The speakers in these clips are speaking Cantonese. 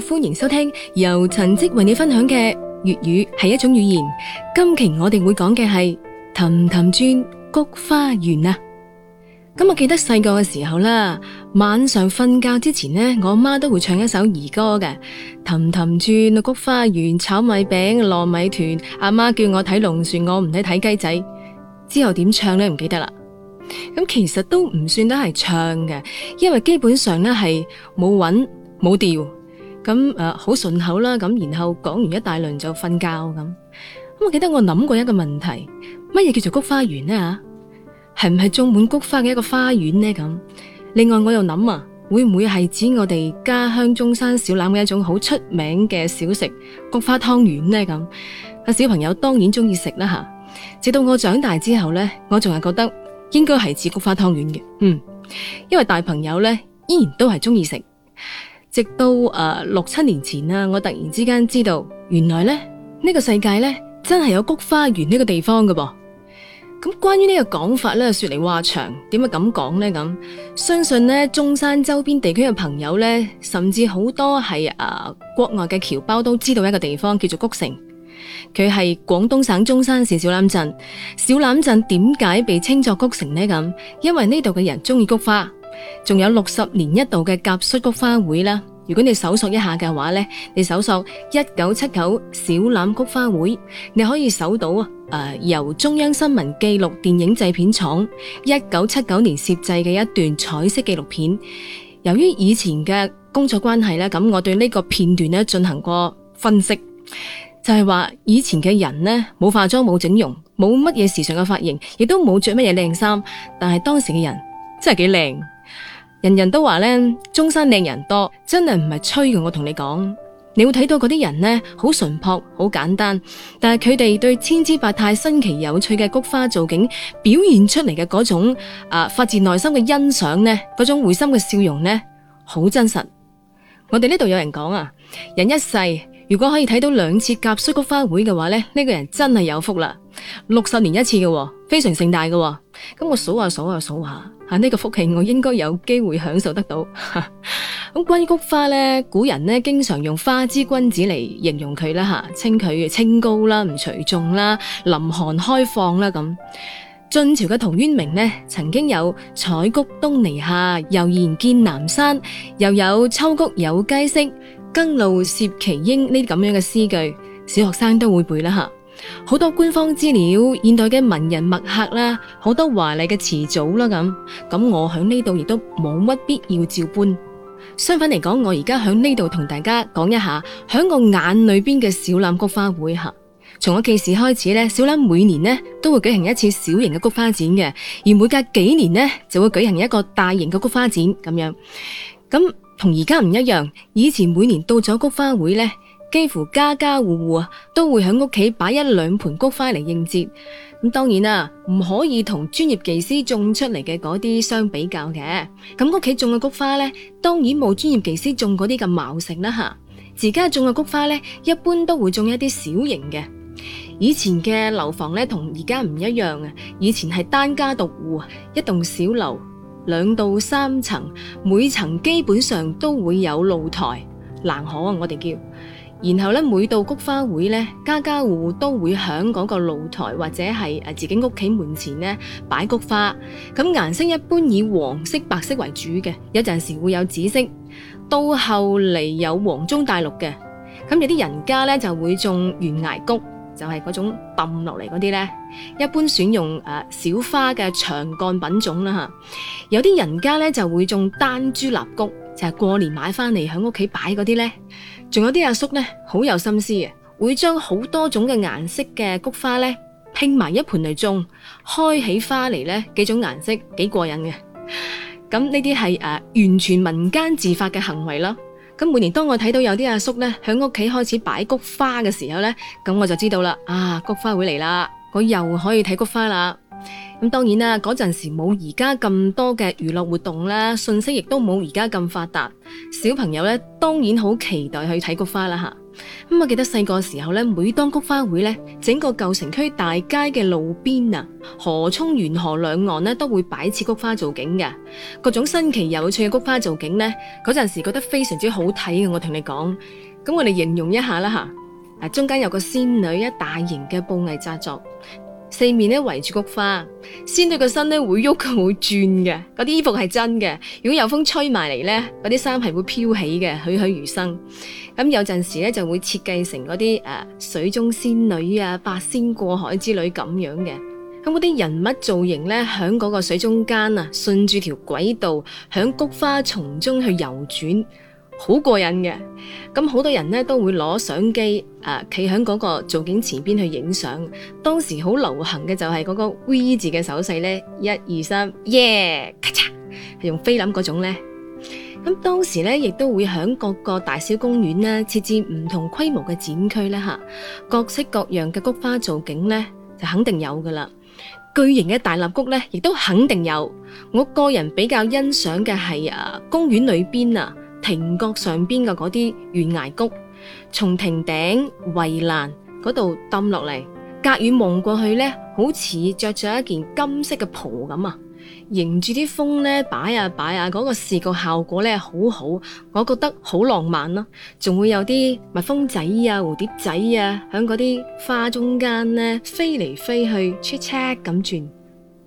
歡迎收聽由陳迹為你分享嘅粵語係一種語言。今期我哋會講嘅係《氹氹轉菊花園》啊！咁我記得細個嘅時候啦，晚上瞓覺之前呢，我阿媽都會唱一首兒歌嘅《氹氹轉菊花園》，炒米餅、糯米團，阿媽叫我睇龍船，我唔睇睇雞仔。之後點唱呢唔記得啦。咁其實都唔算得係唱嘅，因為基本上呢係冇韻冇調。咁誒，好順口啦，咁然後講完一大輪就瞓覺咁。咁我記得我諗過一個問題，乜嘢叫做菊花園呢？吓？係唔係種滿菊花嘅一個花園呢？咁？另外我又諗啊，會唔會係指我哋家鄉中山小欖嘅一種好出名嘅小食菊花湯圓呢？咁？啊，小朋友當然中意食啦吓。直到我長大之後呢，我仲係覺得應該係指菊花湯圓嘅，嗯，因為大朋友呢依然都係中意食。直到、啊、六七年前啦，我突然之間知道，原來咧呢、這個世界咧真係有菊花園呢個地方嘅噃。咁、啊、關於這個說呢個講法咧，說嚟話長，點解咁講咧咁？相信咧中山周邊地區嘅朋友呢，甚至好多係誒、啊、國外嘅僑胞都知道一個地方叫做菊城，佢係廣東省中山市小欖鎮。小欖鎮點解被稱作菊城呢？咁因為呢度嘅人中意菊花。仲有六十年一度嘅甲戌菊花會啦。如果你搜索一下嘅話呢，你搜索一九七九小欖菊花會，你可以搜到啊。誒、呃，由中央新聞紀錄電影製片廠一九七九年攝製嘅一段彩色紀錄片。由於以前嘅工作關係咧，咁我對呢個片段呢進行過分析，就係話以前嘅人呢，冇化妝、冇整容、冇乜嘢時尚嘅髮型，亦都冇着乜嘢靚衫，但係當時嘅人真係幾靚。人人都話咧，中山靚人多，真係唔係吹嘅。我同你講，你會睇到嗰啲人呢，好淳樸，好簡單，但係佢哋對千姿百態、新奇有趣嘅菊花造景表現出嚟嘅嗰種啊，發自內心嘅欣賞呢，嗰種會心嘅笑容呢，好真實。我哋呢度有人講啊，人一世如果可以睇到兩次甲戌菊花會嘅話呢呢，呢個人真係有福啦。六十年一次㗎喎，非常盛大㗎喎。咁我數下數下數下，吓，呢個福氣我應該有機會享受得到。咁關於菊花咧，古人咧經常用花之君子嚟形容佢啦，吓稱佢清高啦，唔隨眾啦，臨寒開放啦，咁晉朝嘅陶淵明咧，曾經有採菊東籬下，悠然見南山，又有秋菊有佳色，裛露掇其英呢啲咁樣嘅詩句，小學生都會背啦，吓。好多官方資料，現代嘅文人墨客啦，好多華麗嘅詞組啦咁，咁我喺呢度亦都冇乜必要照搬。相反嚟講，我而家喺呢度同大家講一下，喺我眼裏邊嘅小欖菊花會吓。從我記事開始咧，小欖每年咧都會舉行一次小型嘅菊花展嘅，而每隔幾年咧就會舉行一個大型嘅菊花展咁樣。咁同而家唔一樣，以前每年到咗菊花會咧，幾乎家家戶戶都會喺屋企擺一兩盆菊花嚟應節。咁當然啦、啊，唔可以同專業技師種出嚟嘅嗰啲相比較嘅。咁屋企種嘅菊花咧，當然冇專業技師種嗰啲咁茂盛啦、啊。吓，而家種嘅菊花咧，一般都會種一啲小型嘅。以前嘅樓房咧，同而家唔一樣。以前係單家獨戶，一棟小樓，兩到三層，每層基本上都會有露台、欄河、啊，我哋叫。然後咧，每到菊花會咧，家家戶戶都會響嗰個露台或者係自己屋企門前咧擺菊花。咁顏色一般以黃色、白色為主嘅，有陣時會有紫色。到後嚟有黃中帶綠嘅。咁有啲人家咧就會種懸崖菊，就係嗰種抌落嚟嗰啲咧，一般選用小花嘅長幹品種啦吓。有啲人家咧就會種單株立菊。就係過年買翻嚟喺屋企擺嗰啲呢，仲有啲阿叔呢，好有心思嘅，會將好多種嘅顏色嘅菊花呢，拼埋一盆嚟種，開起花嚟呢，幾種顏色幾過癮嘅。咁呢啲係完全民間自發嘅行為囉。咁每年當我睇到有啲阿叔呢喺屋企開始擺菊花嘅時候呢，咁我就知道啦，啊，菊花會嚟啦。我又可以睇菊花啦，咁當然啦，嗰陣時冇而家咁多嘅娛樂活動啦，信息亦都冇而家咁發達。小朋友咧當然好期待去睇菊花啦吓，咁我記得細個時候咧，每當菊花會咧，整個舊城區大街嘅路邊啊、河涌、沿河兩岸咧，都會擺設菊花造景嘅，各種新奇有趣嘅菊花造景呢，嗰陣時覺得非常之好睇。我同你講，咁我哋形容一下啦吓。中間有個仙女，一大型嘅布藝紮作，四面咧圍住菊花。仙女個身咧會喐，佢會轉嘅。嗰啲衣服係真嘅，如果有風吹埋嚟呢，嗰啲衫係會飄起嘅，栩栩如生。咁有陣時咧就會設計成嗰啲，啊、水中仙女啊，八仙過海之類咁樣嘅。咁嗰啲人物造型呢，響嗰個水中間啊，順住條軌道，響菊花叢中去游轉。好過癮嘅，咁、嗯、好多人咧都會攞相機，誒、呃，企喺嗰個造景前邊去影相。當時好流行嘅就係嗰個 V 字嘅手勢咧，一二三，耶、yeah!，咔嚓，用菲林嗰種呢。咁、嗯、當時呢亦都會響各個大小公園呢設置唔同規模嘅展區咧吓，各式各樣嘅菊花造景呢就肯定有噶啦，巨型嘅大立菊呢亦都肯定有。我個人比較欣賞嘅係誒公園裏邊啊。亭角上邊嘅嗰啲懸崖菊，從亭頂圍欄嗰度抌落嚟，隔遠望過去咧，好似着咗一件金色嘅袍咁啊！迎住啲風咧擺啊擺啊，嗰個視覺效果咧好好，我覺得好浪漫啦。仲會有啲蜜蜂仔啊、蝴蝶仔啊，響嗰啲花中間咧飛嚟飛去，車車咁轉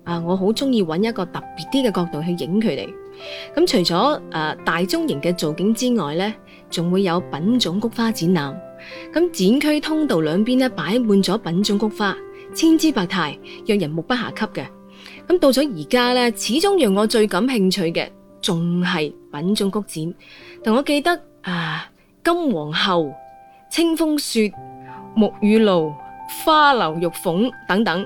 啊！我好中意搵一個特別啲嘅角度去影佢哋。咁、嗯、除咗、呃、大中型嘅造景之外咧，仲會有品種菊花展覽。咁、嗯、展區通道兩邊咧擺滿咗品種菊花，千姿百態，讓人目不暇給嘅。咁、嗯、到咗而家咧，始終讓我最感興趣嘅仲係品種菊展。但我記得啊，金皇后、清風雪、木雨露、花柳玉鳳等等，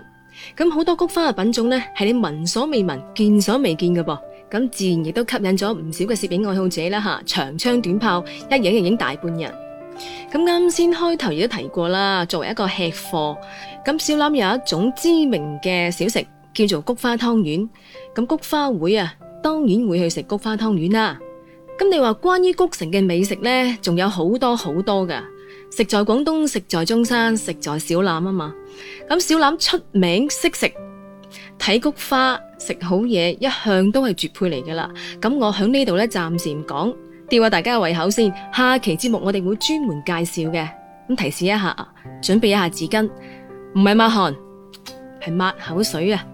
咁、嗯、好多菊花嘅品種咧，係你聞所未聞、見所未見嘅噃。咁自然亦都吸引咗唔少嘅攝影愛好者啦嚇，長槍短炮一影就影大半日。咁啱先開頭亦都提過啦，作為一個吃貨，咁小欖有一種知名嘅小食叫做菊花湯圓，咁菊花會啊當然會去食菊花湯圓啦。咁你話關於菊城嘅美食咧，仲有好多好多嘅，食在廣東，食在中山，食在小欖啊嘛。咁小欖出名識食。睇菊花食好嘢，一向都係絕配嚟噶啦，咁我喺呢度咧暫時唔講，吊下大家嘅胃口先。下期節目我哋會專門介紹嘅，咁提示一下啊，準備一下紙巾，唔係抹汗，係抹口水啊！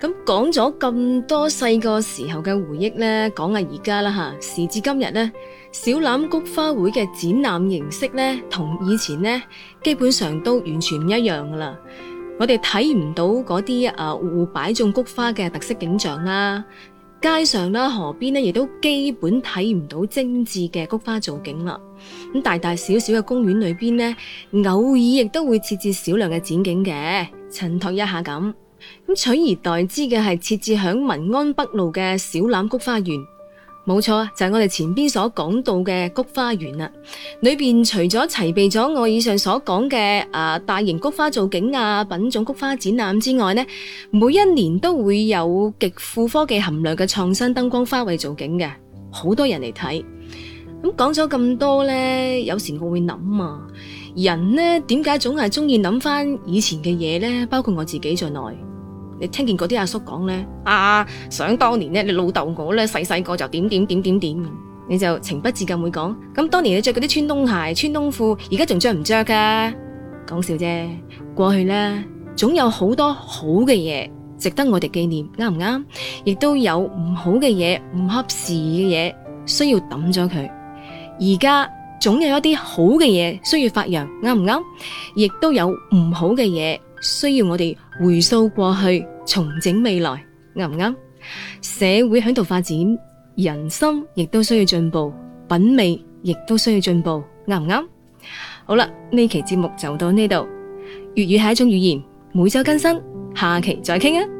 咁講咗咁多細個時候嘅回憶呢，講下而家啦吓，時至今日呢，小欖菊花會嘅展覽形式呢，同以前呢基本上都完全唔一樣噶啦。我哋睇唔到嗰啲誒戶戶擺種菊花嘅特色景象啦，街上啦、河邊呢，亦都基本睇唔到精緻嘅菊花造景啦。咁大大小小嘅公園裏邊呢，偶爾亦都會設置少量嘅展景嘅，襯托一下咁。咁取而代之嘅係設置喺文安北路嘅小欖菊花園。冇錯，就係、是、我哋前面所講到嘅菊花園啦。裏面除咗齊備咗我以上所講嘅誒大型菊花造景啊、品種菊花展覽之外，呢每一年都會有極富科技含量嘅創新燈光花卉造景嘅，好多人嚟睇。咁講咗咁多呢，有時我會諗啊，人呢點解總係中意諗返以前嘅嘢呢？包括我自己在內。你聽見嗰啲阿叔講呢，啊，想當年呢，你老豆我呢，細細個就點點點點點，你就情不自禁會講。咁當年你著嗰啲穿冬鞋、穿冬褲，現在還穿不穿啊、而家仲著唔著㗎？講笑啫。過去呢，總有好多好嘅嘢值得我哋紀念，啱唔啱？亦都有唔好嘅嘢、唔合時嘅嘢需要揼咗佢。而家總有一啲好嘅嘢需要發揚，啱唔啱？亦都有唔好嘅嘢。需要我哋回溯過去，重整未來，啱唔啱？社會響度發展，人心亦都需要進步，品味亦都需要進步，啱唔啱？好啦，呢期節目就到呢度。粵語係一種語言，每周更新，下期再傾啊！